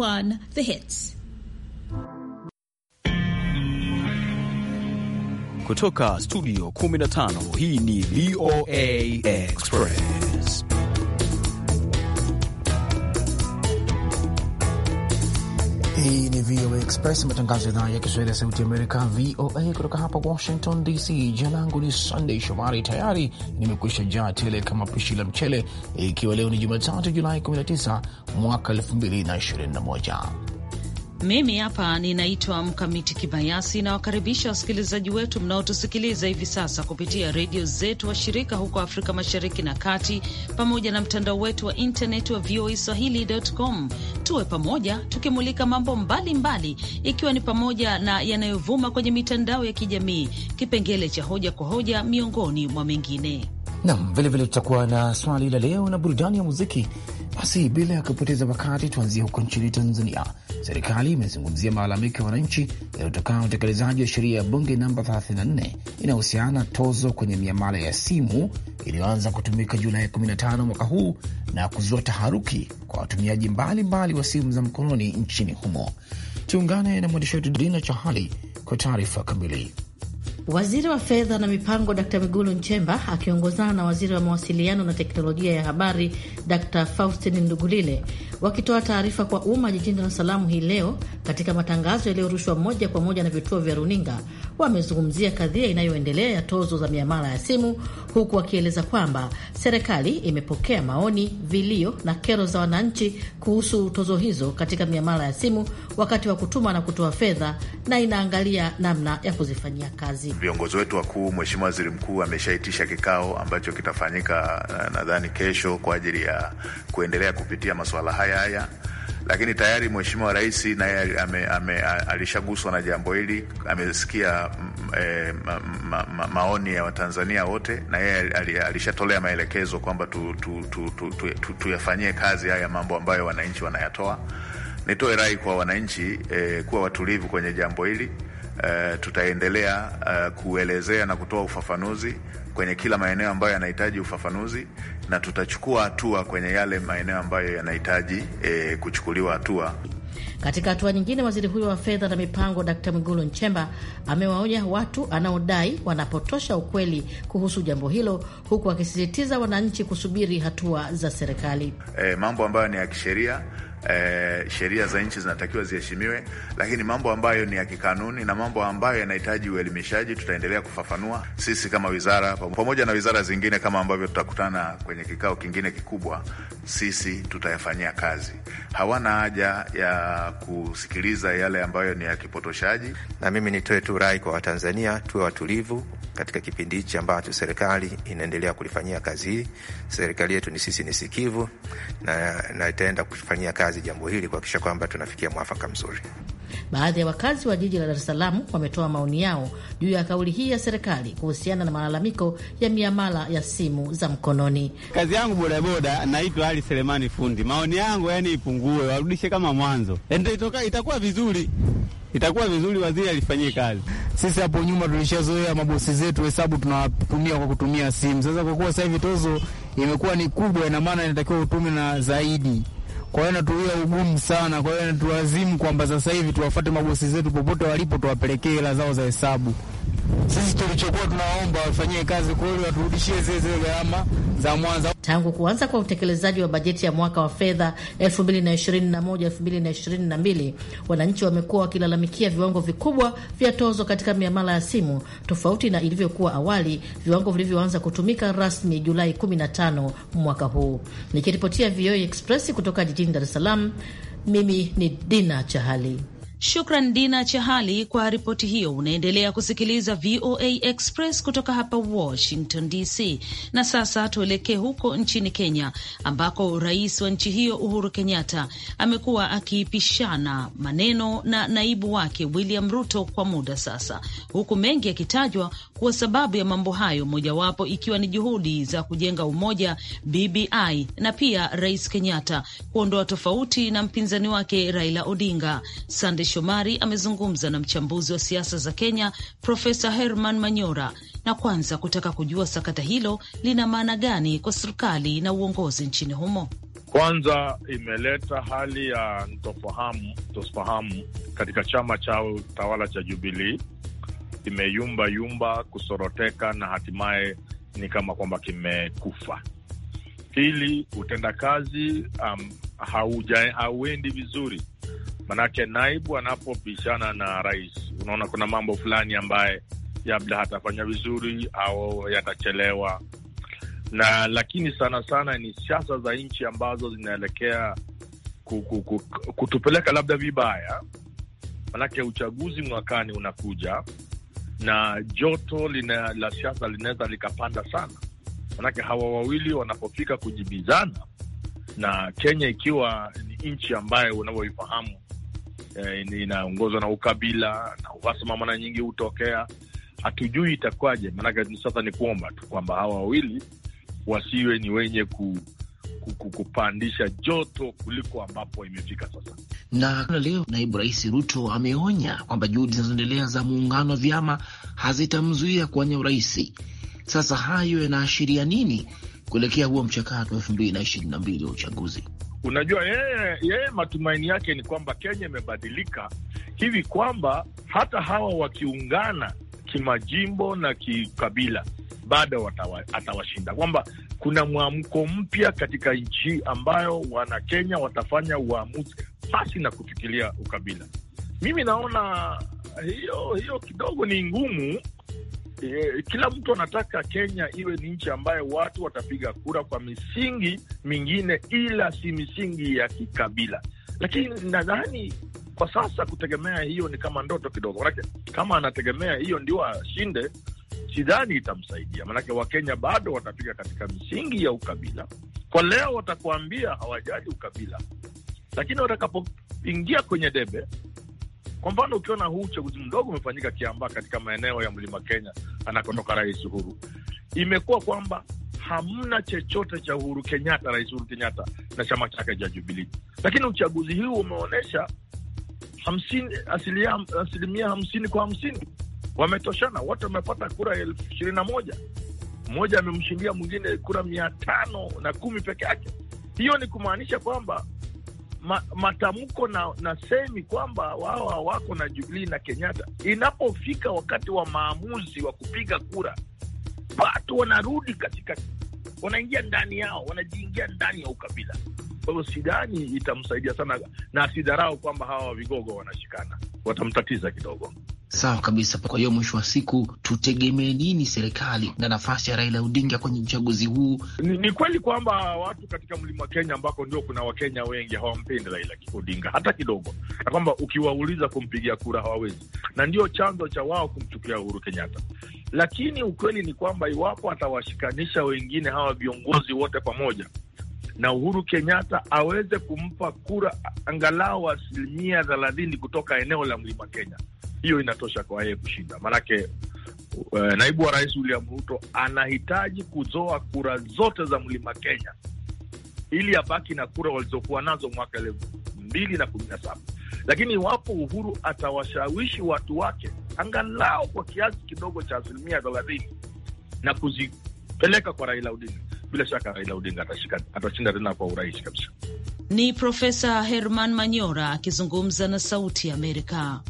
1, The Hits. Kutoka studio 15 hii ni VOA Express. Hii ni VOA Express, matangazo ya idhaa ya Kiswahili ya Sauti Amerika, VOA kutoka hapa Washington DC. Jina langu ni Sunday Shomari, tayari nimekwisha jaa tele kama pishi la mchele, ikiwa leo ni Jumatatu Julai 19 mwaka 2021. Mimi hapa ninaitwa Mkamiti Kibayasi, nawakaribisha wasikilizaji wetu mnaotusikiliza hivi sasa kupitia redio zetu washirika huko Afrika Mashariki na Kati, pamoja na mtandao wetu wa intaneti wa VOA Swahili.com. Tuwe pamoja tukimulika mambo mbalimbali mbali, ikiwa ni pamoja na yanayovuma kwenye mitandao ya kijamii, kipengele cha hoja kwa hoja, miongoni mwa mengine. Nam, vilevile tutakuwa na swali la leo na burudani ya muziki. Basi bila ya kupoteza wakati, tuanzie huko nchini Tanzania. Serikali imezungumzia malalamiko ya wananchi yanayotokana na utekelezaji wa sheria ya bunge namba 34 inayohusiana tozo kwenye miamala ya simu iliyoanza kutumika Julai 15 mwaka huu na kuzua taharuki kwa watumiaji mbalimbali wa simu za mkononi nchini humo. Tuungane na mwandishi wetu Dina Chahali kwa taarifa kamili. Waziri wa fedha na mipango Dkt migulu Nchemba akiongozana na waziri wa mawasiliano na teknolojia ya habari Dkt Faustin Ndugulile wakitoa taarifa kwa umma jijini Dar es Salaam hii leo katika matangazo yaliyorushwa moja kwa moja na vituo vya runinga, wamezungumzia kadhia inayoendelea ya tozo za miamala ya simu, huku wakieleza kwamba serikali imepokea maoni, vilio na kero za wananchi kuhusu tozo hizo katika miamala ya simu wakati wa kutuma na kutoa fedha, na inaangalia namna ya kuzifanyia kazi kazi. Viongozi wetu wakuu, Mheshimiwa Waziri Mkuu ameshaitisha kikao ambacho kitafanyika eh, nadhani kesho kwa ajili ya kuendelea kupitia masuala haya haya lakini tayari Mheshimiwa Rais naye alishaguswa na jambo hili, amesikia e, ma, ma, ma, maoni ya Watanzania wote na yeye alishatolea maelekezo kwamba tuyafanyie tu, tu, tu, tu, tu, tu kazi haya mambo ambayo wananchi wanayatoa. Nitoe rai kwa wananchi e, kuwa watulivu kwenye jambo hili. Eh, tutaendelea uh, kuelezea na kutoa ufafanuzi kwenye kila maeneo ambayo yanahitaji ufafanuzi na tutachukua hatua kwenye yale maeneo ambayo yanahitaji eh, kuchukuliwa hatua. Katika hatua nyingine, waziri huyo wa fedha na mipango Dkt. Mwigulu Nchemba amewaonya watu anaodai wanapotosha ukweli kuhusu jambo hilo, huku akisisitiza wananchi kusubiri hatua za serikali. E, mambo ambayo ni ya kisheria eh, sheria za nchi zinatakiwa ziheshimiwe, lakini mambo ambayo ni ya kikanuni na mambo ambayo yanahitaji uelimishaji tutaendelea kufafanua sisi kama wizara pamoja na wizara zingine, kama ambavyo tutakutana kwenye kikao kingine kikubwa. Sisi tutayafanyia kazi. Hawana haja ya kusikiliza yale ambayo ni ya kipotoshaji. Na mimi nitoe tu rai kwa Watanzania, tuwe watulivu katika kipindi hichi ambacho serikali inaendelea kulifanyia kazi hii. Serikali yetu ni sisi, ni sikivu na, na itaenda kufanyia kazi kazi jambo hili kuhakikisha kwamba tunafikia mwafaka mzuri. Baadhi ya wakazi wa jiji la Dar es Salaam wametoa maoni yao juu ya kauli hii ya serikali kuhusiana na malalamiko ya miamala ya simu za mkononi. Kazi yangu bodaboda, naitwa Ali Selemani Fundi. Maoni yangu yani ipungue, warudishe kama mwanzo, itoka itakuwa vizuri itakuwa vizuri waziri alifanyie kazi. Sisi hapo nyuma tulishazoea mabosi zetu hesabu tunawatumia kwa kutumia simu. Sasa kwa kuwa sasa hivi tozo imekuwa ni kubwa, ina maana inatakiwa utume na zaidi kwa hiyo natuia ugumu sana, kwa hiyo natulazimu kwamba sasa hivi tuwafate mabosi zetu popote walipo, tuwapelekee hela zao za hesabu. Sisi tulichokuwa tunaomba wafanyie kazi kweli, waturudishie zile zile gharama za mwanzo. Tangu kuanza kwa utekelezaji wa bajeti ya mwaka wa fedha 2021/2022 wananchi wamekuwa wakilalamikia viwango vikubwa vya tozo katika miamala ya simu, tofauti na ilivyokuwa awali, viwango vilivyoanza kutumika rasmi Julai 15 mwaka huu. Nikiripotia VOA e Express kutoka jijini Dar es Salaam, mimi ni Dina Chahali. Shukran Dina Chahali kwa ripoti hiyo. Unaendelea kusikiliza VOA Express kutoka hapa Washington DC, na sasa tuelekee huko nchini Kenya ambako rais wa nchi hiyo Uhuru Kenyatta amekuwa akiipishana maneno na naibu wake William Ruto kwa muda sasa, huku mengi yakitajwa kuwa sababu ya mambo hayo, mojawapo ikiwa ni juhudi za kujenga umoja BBI na pia Rais Kenyatta kuondoa tofauti na mpinzani wake Raila Odinga Sande Shomari amezungumza na mchambuzi wa siasa za Kenya Profesa Herman Manyora na kwanza kutaka kujua sakata hilo lina maana gani kwa serikali na uongozi nchini humo. Kwanza imeleta hali ya ntofahamu tofahamu katika chama chao tawala cha Jubilii, imeyumba yumba, kusoroteka na hatimaye ni kama kwamba kimekufa. Pili, utendakazi um, hauendi vizuri. Manake naibu anapopishana na rais, unaona kuna mambo fulani ambaye labda hatafanya vizuri au yatachelewa, na lakini sana sana ni siasa za nchi ambazo zinaelekea kutupeleka labda vibaya, manake uchaguzi mwakani unakuja na joto lina, la siasa linaweza likapanda sana, manake hawa wawili wanapofika kujibizana, na Kenya ikiwa ni nchi ambayo unavyoifahamu Eh, inaongozwa na ukabila na uhasama mara nyingi hutokea. Hatujui itakuwaje, maanake sasa ni kuomba tu kwamba hawa wawili wasiwe ni wenye ku kupandisha joto kuliko ambapo imefika sasa. Na leo naibu rais Ruto ameonya kwamba juhudi zinazoendelea za muungano wa vyama hazitamzuia kuwania urais. Sasa hayo yanaashiria nini kuelekea huo mchakato wa elfu mbili na ishirini na mbili wa uchaguzi? Unajua yeye, yeye matumaini yake ni kwamba Kenya imebadilika hivi kwamba hata hawa wakiungana kimajimbo na kikabila bado atawashinda, kwamba kuna mwamko mpya katika nchi ambayo Wanakenya watafanya uamuzi pasi na kufikiria ukabila. Mimi naona hiyo hiyo kidogo ni ngumu eh, kila mtu anataka Kenya iwe ni nchi ambayo watu watapiga kura kwa misingi mingine ila si misingi ya kikabila, lakini nadhani kwa sasa kutegemea hiyo ni kama ndoto kidogo, manake kama anategemea hiyo ndio ashinde, sidhani itamsaidia, manake Wakenya bado watapiga katika misingi ya ukabila. Kwa leo watakuambia hawajali ukabila, lakini watakapoingia kwenye debe kwa mfano, ukiona huu uchaguzi mdogo umefanyika Kiambaa, katika maeneo ya mlima Kenya anakotoka Rais Uhuru, imekuwa kwamba hamna chochote cha Uhuru Kenyatta, Rais Uhuru Kenyatta na chama chake cha Jubilii, lakini uchaguzi huu umeonyesha asilimia hamsini kwa hamsini wametoshana, wote wamepata kura elfu ishirini na moja mmoja amemshindia mwingine kura mia tano na kumi peke yake. Hiyo ni kumaanisha kwamba ma, matamko na, na semi kwamba wao hawako na Jubilii na Kenyatta. Inapofika wakati wa maamuzi wa kupiga kura, watu wanarudi katika, wanaingia ndani yao, wanajiingia ndani ya ukabila. Kwa hiyo sidhani itamsaidia sana, na sidharau kwamba hawa vigogo wanashikana, watamtatiza kidogo. Sawa kabisa. Kwa hiyo mwisho wa siku tutegemee nini serikali na nafasi ya Raila Odinga kwenye uchaguzi huu? Ni, ni kweli kwamba watu katika mlima Kenya ambako ndio kuna Wakenya wengi hawampendi Raila Odinga hata kidogo, na kwamba ukiwauliza kumpigia kura hawawezi, na ndio chanzo cha wao kumchukia Uhuru Kenyatta. Lakini ukweli ni kwamba iwapo atawashikanisha wengine hawa viongozi wote pamoja na Uhuru Kenyatta aweze kumpa kura angalau asilimia thelathini kutoka eneo la mlima Kenya hiyo inatosha kwa yeye kushinda, maanake uh, eh, naibu wa rais William Ruto anahitaji kuzoa kura zote za mlima Kenya ili abaki na kura walizokuwa nazo mwaka elfu mbili na kumi na saba. Lakini iwapo Uhuru atawashawishi watu wake angalau kwa kiasi kidogo cha asilimia thelathini na kuzipeleka kwa Raila Odinga, bila shaka Raila Odinga atashinda tena kwa urahisi kabisa. Ni Profesa Herman Manyora akizungumza na Sauti ya Amerika.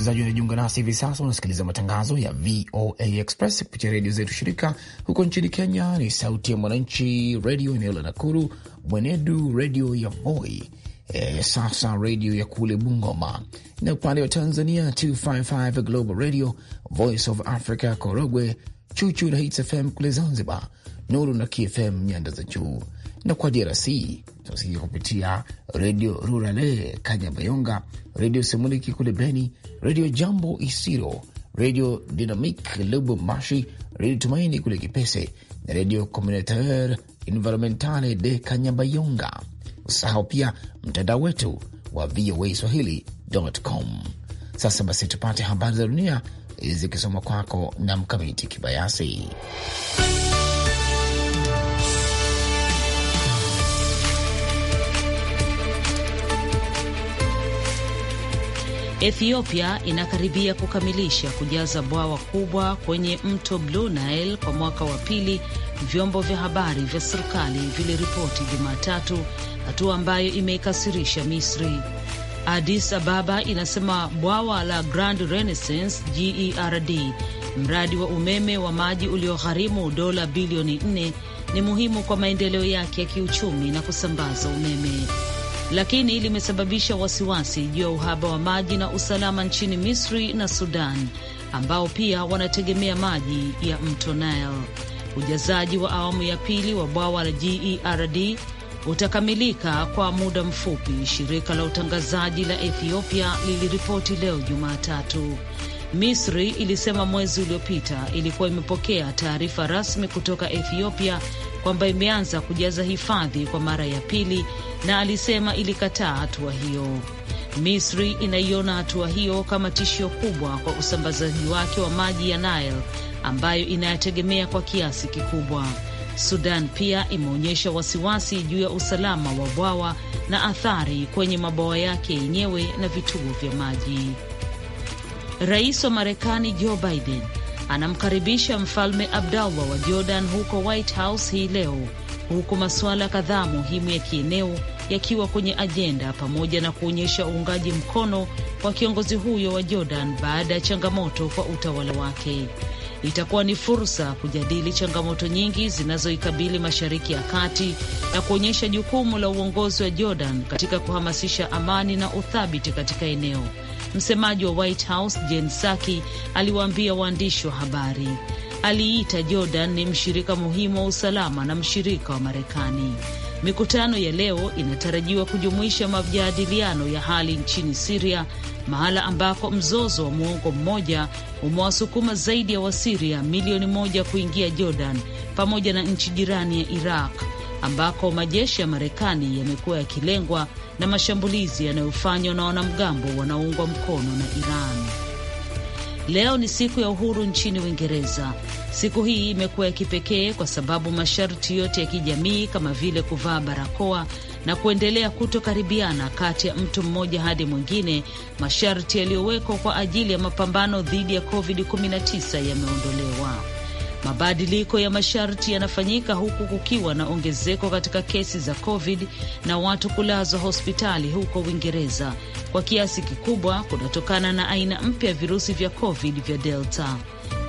msikilizaji unajiunga nasi hivi sasa, unasikiliza matangazo ya VOA Express kupitia redio zetu shirika. Huko nchini Kenya ni Sauti ya Mwananchi redio eneo la Nakuru, Mwenedu redio ya Voi, e, sasa redio ya kule Bungoma, na upande wa Tanzania 255 Global Radio, Voice of Africa Korogwe, Chuchu na Hits FM kule Zanzibar, Nuru na KFM nyanda za juu, na kwa DRC tunasikika kupitia redio Rurale Kanyabayonga, redio Semuliki kule Beni, redio Jambo Isiro, redio Dynamic Lubumbashi, redio Tumaini kule Kipese na redio Communautaire Environmentale de Kanyabayonga. Usahau pia mtandao wetu wa VOA Swahili.com. Sasa basi, tupate habari za dunia zikisoma kwako na Mkamiti Kibayasi. Ethiopia inakaribia kukamilisha kujaza bwawa kubwa kwenye mto Blue Nile kwa mwaka wa pili, vyombo vya habari vya serikali viliripoti Jumatatu, hatua ambayo imeikasirisha Misri. Addis Ababa inasema bwawa la Grand Renaissance GERD, mradi wa umeme wa maji uliogharimu dola bilioni 4 ni muhimu kwa maendeleo yake ya kiuchumi na kusambaza umeme lakini limesababisha wasiwasi juu ya uhaba wa maji na usalama nchini Misri na Sudan ambao pia wanategemea maji ya mto Nile. Ujazaji wa awamu ya pili wa bwawa la GERD utakamilika kwa muda mfupi, shirika la utangazaji la Ethiopia liliripoti leo Jumatatu. Misri ilisema mwezi uliopita ilikuwa imepokea taarifa rasmi kutoka Ethiopia kwamba imeanza kujaza hifadhi kwa mara ya pili, na alisema ilikataa hatua hiyo. Misri inaiona hatua hiyo kama tishio kubwa kwa usambazaji wake wa maji ya Nile ambayo inayategemea kwa kiasi kikubwa. Sudan pia imeonyesha wasiwasi juu ya usalama wa bwawa na athari kwenye mabwawa yake yenyewe na vituo vya maji. Rais wa Marekani Joe Biden anamkaribisha mfalme Abdallah wa Jordan huko White House hii leo, huku masuala kadhaa muhimu ya kieneo yakiwa kwenye ajenda pamoja na kuonyesha uungaji mkono wa kiongozi huyo wa Jordan baada ya changamoto kwa utawala wake. Itakuwa ni fursa kujadili changamoto nyingi zinazoikabili Mashariki ya Kati na kuonyesha jukumu la uongozi wa Jordan katika kuhamasisha amani na uthabiti katika eneo. Msemaji wa White House Jen Psaki aliwaambia waandishi wa habari aliita Jordan ni mshirika muhimu wa usalama na mshirika wa Marekani. Mikutano ya leo inatarajiwa kujumuisha majadiliano ya hali nchini Siria, mahala ambako mzozo wa muongo mmoja umewasukuma zaidi ya Wasiria milioni moja kuingia Jordan pamoja na nchi jirani ya Iraq ambako majeshi ya Marekani yamekuwa yakilengwa na mashambulizi yanayofanywa na wanamgambo wanaoungwa mkono na Iran. Leo ni siku ya uhuru nchini Uingereza. Siku hii imekuwa ya kipekee kwa sababu masharti yote ya kijamii kama vile kuvaa barakoa na kuendelea kutokaribiana kati ya mtu mmoja hadi mwingine, masharti yaliyowekwa kwa ajili ya mapambano dhidi ya COVID-19 yameondolewa. Mabadiliko ya masharti yanafanyika huku kukiwa na ongezeko katika kesi za COVID na watu kulazwa hospitali huko Uingereza, kwa kiasi kikubwa kunatokana na aina mpya ya virusi vya COVID vya Delta.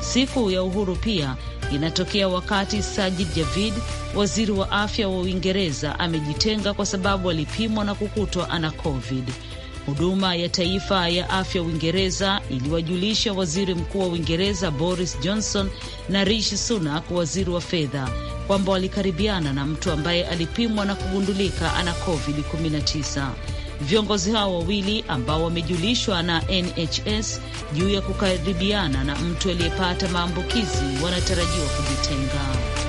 Siku ya uhuru pia inatokea wakati Sajid Javid, waziri wa afya wa Uingereza, amejitenga kwa sababu alipimwa na kukutwa ana COVID. Huduma ya Taifa ya Afya Uingereza iliwajulisha waziri mkuu wa Uingereza Boris Johnson na Rishi Sunak, waziri wa fedha, kwamba walikaribiana na mtu ambaye alipimwa na kugundulika ana COVID-19. Viongozi hao wawili ambao wamejulishwa na NHS juu ya kukaribiana na mtu aliyepata maambukizi wanatarajiwa kujitenga.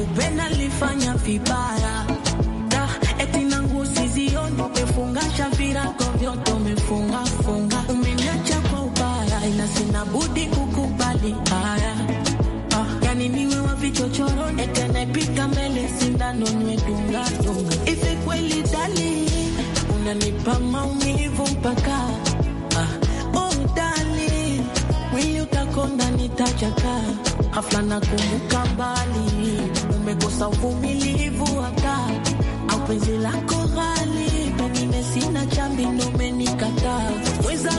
kupenda lifanya vibaya da eti nangu sizioni umefunga virago vyote umefunga funga umeniacha kwa ubaya ila sina budi kukubali haya ah, yani niwe wa vichochoro etenepika mbele sindano niwe dunga dunga ife kweli dali unanipa maumivu mpaka ah, oh dali mwili utakonda nitachaka hafla nakumbuka mbali nimekosa uvumilivu hata au penzi lako ghali, penime sina chambi, ndo umenikataa mweza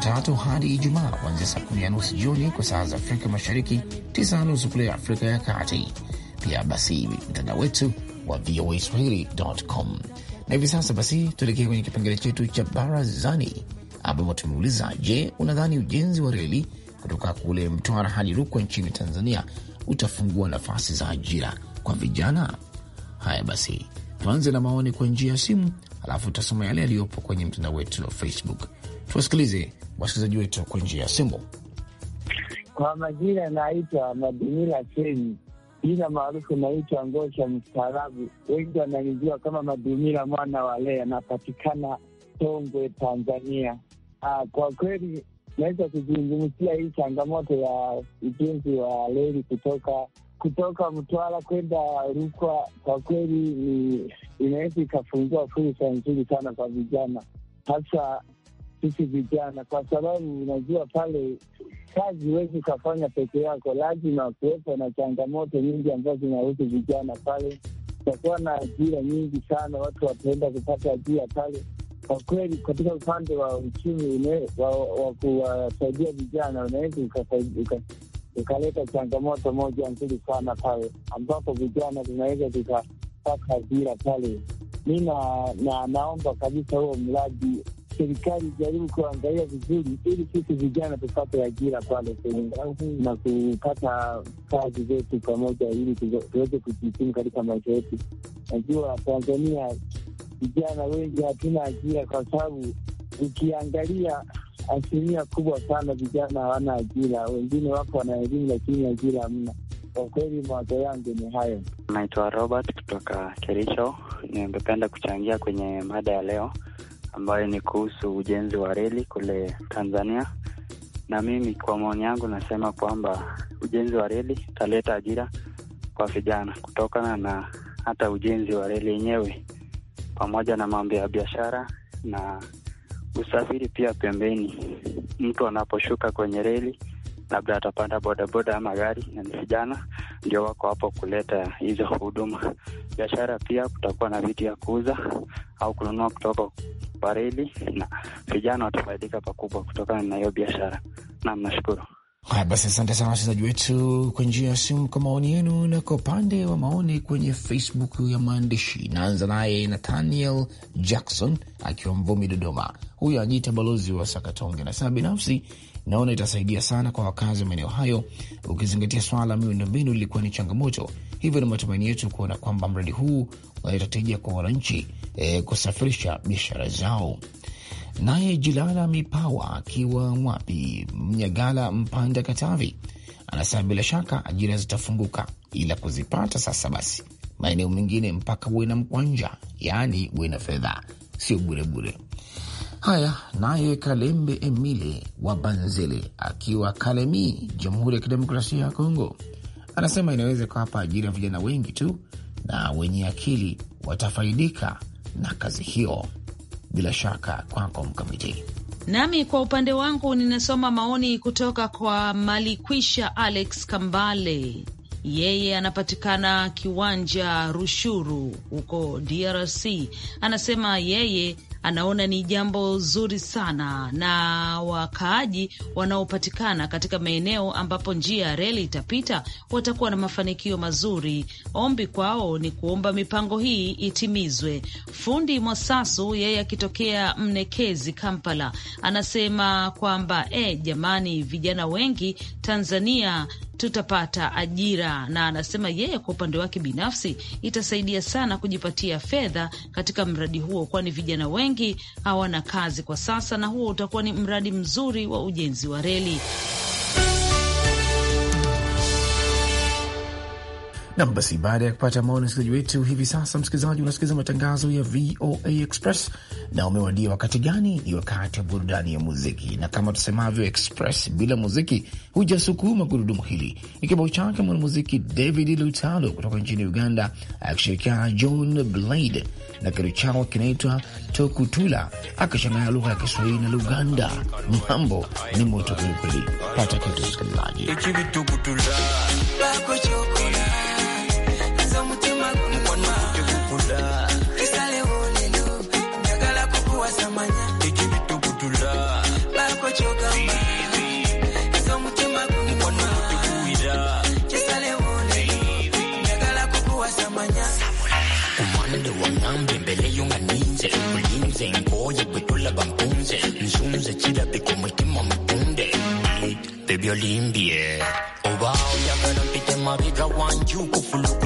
Jumatatu hadi Ijumaa kuanzia saa kumi na nusu jioni kwa saa za Afrika Mashariki, tisa na nusu kule Afrika ya Kati. Pia basi mtandao wetu wa VOA Swahili.com. Na hivi sasa basi tuelekee kwenye kipengele chetu cha barazani, ambapo tumeuliza je, unadhani ujenzi wa reli kutoka kule Mtwara hadi Rukwa nchini Tanzania utafungua nafasi za ajira kwa vijana? Haya basi, tuanze na maoni kwa njia ya simu, alafu utasoma yale yaliyopo kwenye mtandao wetu wa Facebook. Tuwasikilize wasikilizaji wetu kwa njia ya simu. Kwa majina anaitwa Madumila Seni, jina maarufu naitwa Ngosha mstaarabu, wengi wananijua kama Madumila mwana wa Lea, anapatikana Tongwe, Tanzania. Aa, ah, kwa kweli naweza kuzungumzia hii changamoto ya ujenzi wa reli kutoka kutoka Mtwara kwenda Rukwa. Kwa kweli ni inaweza ikafungua fursa nzuri sana kwa vijana, hasa sisi vijana, kwa sababu unajua pale kazi huwezi ukafanya peke yako, lazima kuwepo na changamoto nyingi ambazo zinahusu vijana pale. Utakuwa na ajira nyingi sana, watu wataenda kupata ajira pale. Kwa kweli, katika upande wa uchumi wa kuwasaidia vijana, unaweza ukaleta changamoto moja nzuri sana pale, ambapo vijana tunaweza tukapata ajira pale. Mi na, na, naomba kabisa huo mradi serikali ijaribu kuangalia vizuri, ili sisi vijana tupate ajira pale na kupata kazi zetu pamoja, ili tuweze kujikimu katika maisha yetu. Najua Tanzania vijana wengi hatuna ajira, kwa sababu ukiangalia asilimia kubwa sana vijana hawana ajira, wengine wako wana elimu lakini ajira hamna. Kwa kweli mawazo yangu ni hayo. Naitwa Robert kutoka Kericho, nimependa kuchangia kwenye mada ya leo ambayo ni kuhusu ujenzi wa reli kule Tanzania, na mimi kwa maoni yangu nasema kwamba ujenzi wa reli utaleta ajira kwa vijana kutokana na hata ujenzi wa reli yenyewe pamoja na mambo ya biashara na usafiri pia pembeni. Mtu anaposhuka kwenye reli labda atapanda bodaboda ama gari, na ni vijana ndio wako hapo kuleta hizo huduma. Biashara pia kutakuwa na vitu ya kuuza au kununua kutoka baridi na vijana watafaidika pakubwa kutokana na hiyo biashara. Naam, nashukuru. Haya basi, asante sana wachezaji wetu kwa njia ya simu kwa maoni yenu. Na kwa upande wa maoni kwenye Facebook ya maandishi, naanza naye Nathaniel Jackson akiwa Mvumi, Dodoma. Huyu anajiita balozi wa Sakatonge, anasema binafsi naona itasaidia sana kwa wakazi wa maeneo hayo, ukizingatia swala la miundombinu lilikuwa ni changamoto. Hivyo ni matumaini yetu kuona kwamba mradi huu unaleta tija kwa wananchi Eh, kusafirisha biashara zao. Naye Jilala Mipawa akiwa wapi Mnyagala, Mpanda, Katavi, anasema bila shaka ajira zitafunguka, ila kuzipata sasa basi maeneo mengine mpaka uwe na mkwanja, yaani uwe na fedha, sio burebure. Haya, naye Kalembe Emile wa Banzele akiwa Kalemi, Jamhuri ya Kidemokrasia ya Kongo, anasema inaweza kuwapa ajira vijana wengi tu na wenye akili watafaidika na kazi hiyo. Bila shaka kwako Mkamiti. Nami kwa upande wangu ninasoma maoni kutoka kwa Malikwisha Alex Kambale, yeye anapatikana kiwanja Rushuru huko DRC. Anasema yeye anaona ni jambo zuri sana, na wakaaji wanaopatikana katika maeneo ambapo njia ya reli itapita watakuwa na mafanikio mazuri. Ombi kwao ni kuomba mipango hii itimizwe. Fundi Mwasasu yeye akitokea Mnekezi, Kampala, anasema kwamba e, jamani, vijana wengi Tanzania tutapata ajira, na anasema yeye kwa upande wake binafsi itasaidia sana kujipatia fedha katika mradi huo, kwani vijana wengi hawana kazi kwa sasa, na huo utakuwa ni mradi mzuri wa ujenzi wa reli. Nam, basi baada ya kupata maoni msikilizaji wetu, hivi sasa, msikilizaji, unasikiliza matangazo ya VOA Express na umewadia wakati gani? Ni wakati wa burudani ya muziki, na kama tusemavyo, Express bila muziki hujasukuma gurudumu hili. Ni kibao chake mwanamuziki David Lutalo kutoka nchini Uganda akishirikiana John Blade na kitu chao kinaitwa Tokutula, akishangaa lugha ya Kiswahili na Luganda. Mambo ni moto kwelikweli, pata kitu msikilizaji. violin, yeah. Oh wow, you're gonna be one, you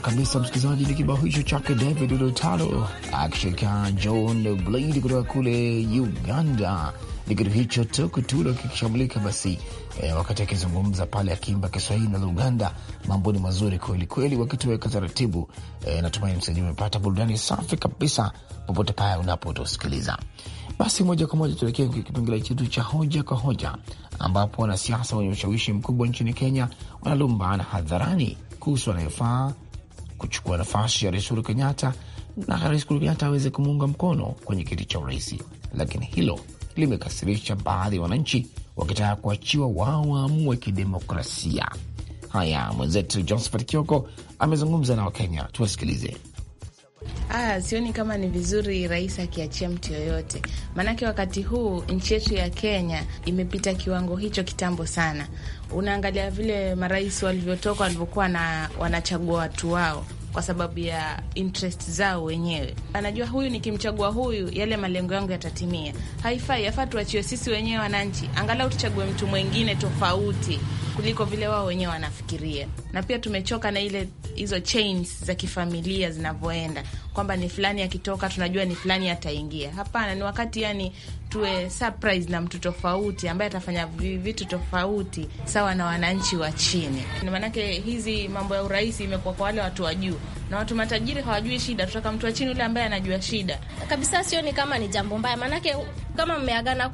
kabisa msikilizaji, ni kibao hicho chake David Lutalo akishirikiana John Blade kutoka kule Uganda. Ni kitu hicho tukutulo kikishamulika basi e, wakati akizungumza pale akiimba Kiswahili na Luganda, mambo ni mazuri kweli kweli, wakitoweka taratibu e, natumai msikilizaji umepata burudani safi kabisa popote paya unapotusikiliza. Basi moja kwa moja tuelekee kwenye kipengele chetu cha hoja kwa hoja, ambapo wanasiasa wenye ushawishi mkubwa nchini Kenya wanalumbana hadharani kuhusu anayefaa kuchukua nafasi ya rais Uhuru Kenyatta na rais Uhuru Kenyatta aweze kumuunga mkono kwenye kiti cha urais, lakini hilo limekasirisha baadhi ya wananchi wakitaka kuachiwa wao waamue kidemokrasia. Haya, mwenzetu Josephat Kioko amezungumza na Wakenya, tuwasikilize. Ah, sioni kama ni vizuri rais akiachia mtu yoyote, maanake wakati huu nchi yetu ya Kenya imepita kiwango hicho kitambo sana. Unaangalia vile marais walivyotoka, walivyokuwa na wanachagua watu wao kwa sababu ya interest zao wenyewe. Anajua huyu nikimchagua huyu, yale malengo yangu yatatimia. Haifai, yafaa tuachiwe sisi wenyewe wananchi, angalau tuchague mtu mwingine tofauti kuliko vile wao wenyewe wanafikiria. Na pia tumechoka na ile hizo chains za kifamilia zinavyoenda, kwamba ni fulani akitoka tunajua ni fulani ataingia. Hapana, ni wakati yani tuwe surprise na mtu tofauti ambaye atafanya vitu tofauti sawa na wananchi wa chini. Maanake hizi mambo ya urais imekuwa kwa wale watu wa juu na watu matajiri hawajui shida. Tutaka mtu wa chini yule ambaye anajua shida kabisa. Sioni kama ni jambo mbaya, maanake kama mmeagana,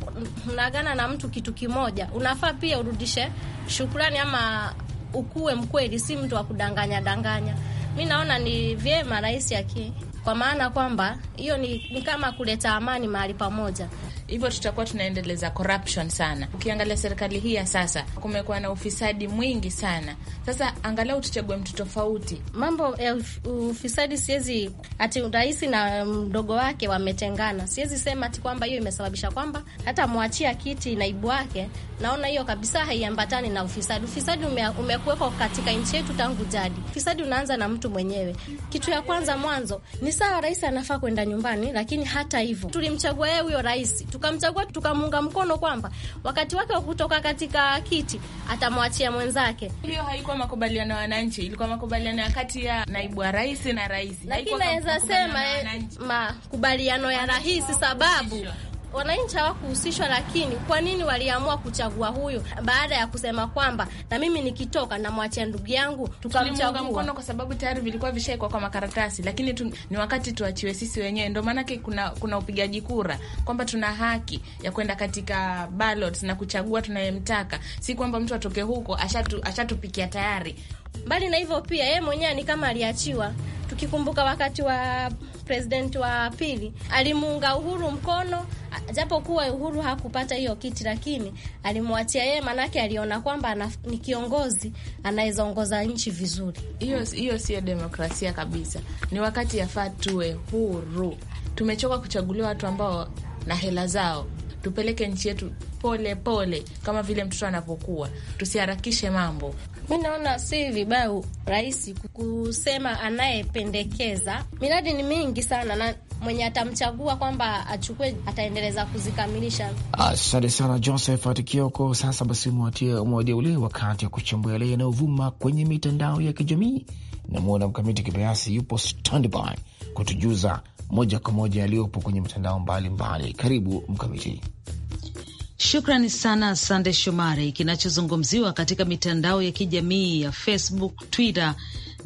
mnaagana na mtu kitu kimoja, unafaa pia urudishe shukrani ama ukuwe mkweli, si mtu wa kudanganya danganya. Mi naona ni vyema rahisi aki, kwa maana kwamba hiyo ni, ni kama kuleta amani mahali pamoja hivyo tutakuwa tunaendeleza corruption sana. Ukiangalia serikali hii ya sasa, kumekuwa na ufisadi mwingi sana. Sasa angalau tuchague mtu tofauti. Mambo ya ufisadi, siwezi ati rais na mdogo wake wametengana, siwezi sema ati kwamba hiyo imesababisha kwamba hata mwachia kiti naibu wake. Naona hiyo kabisa haiambatani na ufisadi. Ufisadi ume, umekuwekwa katika nchi yetu tangu jadi. Ufisadi unaanza na mtu mwenyewe. Kitu ya kwanza mwanzo ni sawa, rais anafaa kwenda nyumbani, lakini hata hivyo tulimchagua yeye huyo rais tukamchagua tukamuunga mkono kwamba wakati wake wa kutoka katika kiti atamwachia mwenzake. Hiyo haikuwa makubaliano ya wananchi, ilikuwa makubaliano ya kati ya naibu wa rais na rais, lakini naweza sema makubaliano ya eh, rais sababu wananchi hawakuhusishwa, lakini kwa nini waliamua kuchagua huyo baada ya kusema kwamba na mimi nikitoka namwachia ndugu yangu tukamchagua mkono, kwa sababu tayari vilikuwa vishaekwa kwa makaratasi, lakini tu, ni wakati tuachiwe sisi wenyewe. ndo maanake kuna, kuna upigaji kura kwamba tuna haki ya kwenda katika ballots na kuchagua tunayemtaka, si kwamba mtu atoke huko ashatu, ashatupikia tayari Mbali na hivyo, pia yeye mwenyewe ni kama aliachiwa. Tukikumbuka wakati wa president wa pili alimuunga Uhuru mkono, japo kuwa Uhuru hakupata hiyo kiti, lakini alimwachia yeye, manake aliona kwamba ni kiongozi anaweza ongoza nchi vizuri. Hiyo hiyo siyo demokrasia kabisa, ni wakati yafaa tuwe huru. Tumechoka kuchaguliwa watu ambao na hela zao tupeleke nchi yetu pole pole, kama vile mtoto anapokuwa, tusiharakishe mambo. Mi naona si vibaya rais kusema anayependekeza, miradi ni mingi sana na mwenye atamchagua kwamba achukue ataendeleza kuzikamilisha. Asante sana Josephat Kioko. Sasa basi, umoja ule wakati wa kuchambua yale yanayovuma kwenye mitandao ya kijamii. Namwona Mkamiti Kibayasi yupo standby kutujuza moja kwa moja yaliyopo kwenye mtandao mbalimbali. Karibu Mkamiti. Shukrani sana Sande Shomari. Kinachozungumziwa katika mitandao ya kijamii ya Facebook, Twitter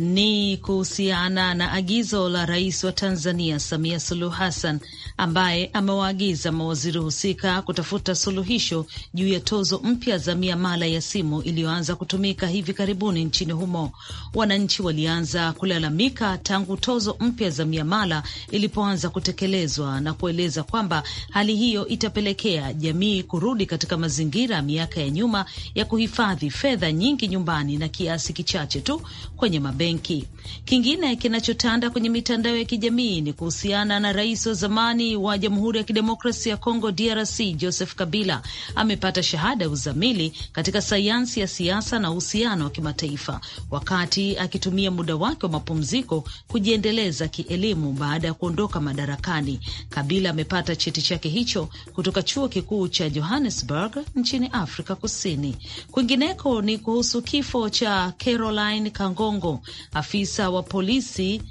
ni kuhusiana na agizo la rais wa Tanzania Samia Suluhu Hassan ambaye amewaagiza mawaziri husika kutafuta suluhisho juu ya tozo mpya za miamala ya simu iliyoanza kutumika hivi karibuni nchini humo. Wananchi walianza kulalamika tangu tozo mpya za miamala ilipoanza kutekelezwa na kueleza kwamba hali hiyo itapelekea jamii kurudi katika mazingira ya miaka ya nyuma ya kuhifadhi fedha nyingi nyumbani na kiasi kichache tu kwenye mabenki benki. Kingine kinachotanda kwenye mitandao ya kijamii ni kuhusiana na rais wa zamani wa Jamhuri ya Kidemokrasia ya Kongo DRC Joseph Kabila amepata shahada ya uzamili katika sayansi ya siasa na uhusiano wa kimataifa wakati akitumia muda wake wa mapumziko kujiendeleza kielimu baada ya kuondoka madarakani. Kabila amepata cheti chake hicho kutoka chuo kikuu cha Johannesburg nchini Afrika Kusini. Kwingineko ni kuhusu kifo cha Caroline Kangongo Afisa wa polisi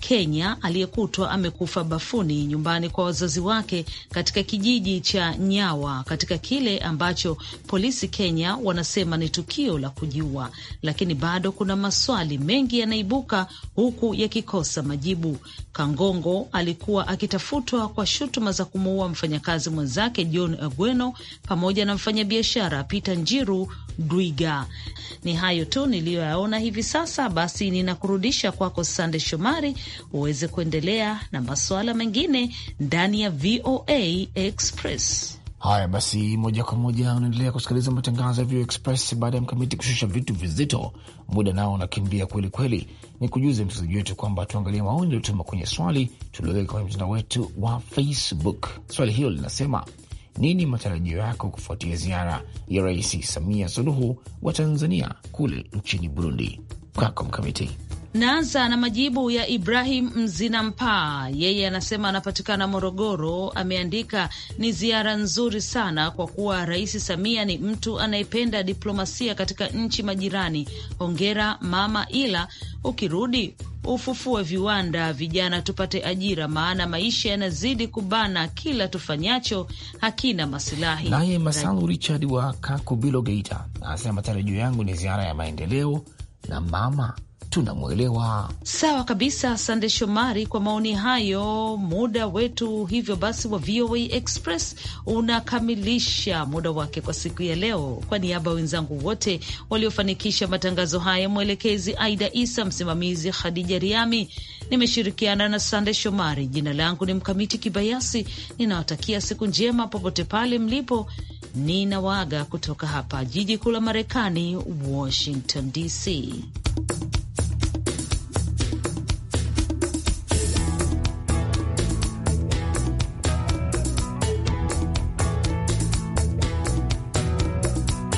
Kenya aliyekutwa amekufa bafuni nyumbani kwa wazazi wake katika kijiji cha Nyawa katika kile ambacho polisi Kenya wanasema ni tukio la kujiua, lakini bado kuna maswali mengi yanaibuka huku yakikosa majibu. Kangongo alikuwa akitafutwa kwa shutuma za kumuua mfanyakazi mwenzake John Agweno pamoja na mfanyabiashara Peter Njiru Dwiga. Ni hayo tu niliyoyaona hivi sasa. Basi ninakurudisha kwako Sande Shomari uweze kuendelea na masuala mengine ndani ya VOA Express. Haya basi, moja kwa moja unaendelea kusikiliza matangazo ya Vio Express. Baada ya mkamiti kushusha vitu vizito, muda nao unakimbia kweli kweli. Ni kujuze msikilizaji wetu kwamba tuangalie maoni yaliyotuma kwenye swali tulioweka kwenye mtandao wetu wa Facebook. Swali hilo linasema nini matarajio yako kufuatia ziara ya Rais Samia Suluhu wa Tanzania kule nchini Burundi? Kwako Mkamiti. Naanza na majibu ya Ibrahim Mzinampaa, yeye anasema anapatikana Morogoro. Ameandika ni ziara nzuri sana kwa kuwa Rais Samia ni mtu anayependa diplomasia katika nchi majirani. Hongera mama, ila ukirudi ufufue viwanda, vijana tupate ajira, maana maisha yanazidi kubana, kila tufanyacho hakina masilahi. Naye Masalu Richard wa Kakubilo Geita anasema matarajio yangu ni ziara ya maendeleo na mama tunamwelewa. Sawa kabisa, asante Shomari kwa maoni hayo. Muda wetu hivyo basi wa VOA Express unakamilisha muda wake kwa siku ya leo. Kwa niaba ya wenzangu wote waliofanikisha matangazo haya, mwelekezi Aida Isa, msimamizi Khadija Riami, nimeshirikiana na Sande Shomari. Jina langu ni Mkamiti Kibayasi, ninawatakia siku njema popote pale mlipo. Ninawaaga kutoka hapa jiji kuu la Marekani, Washington DC.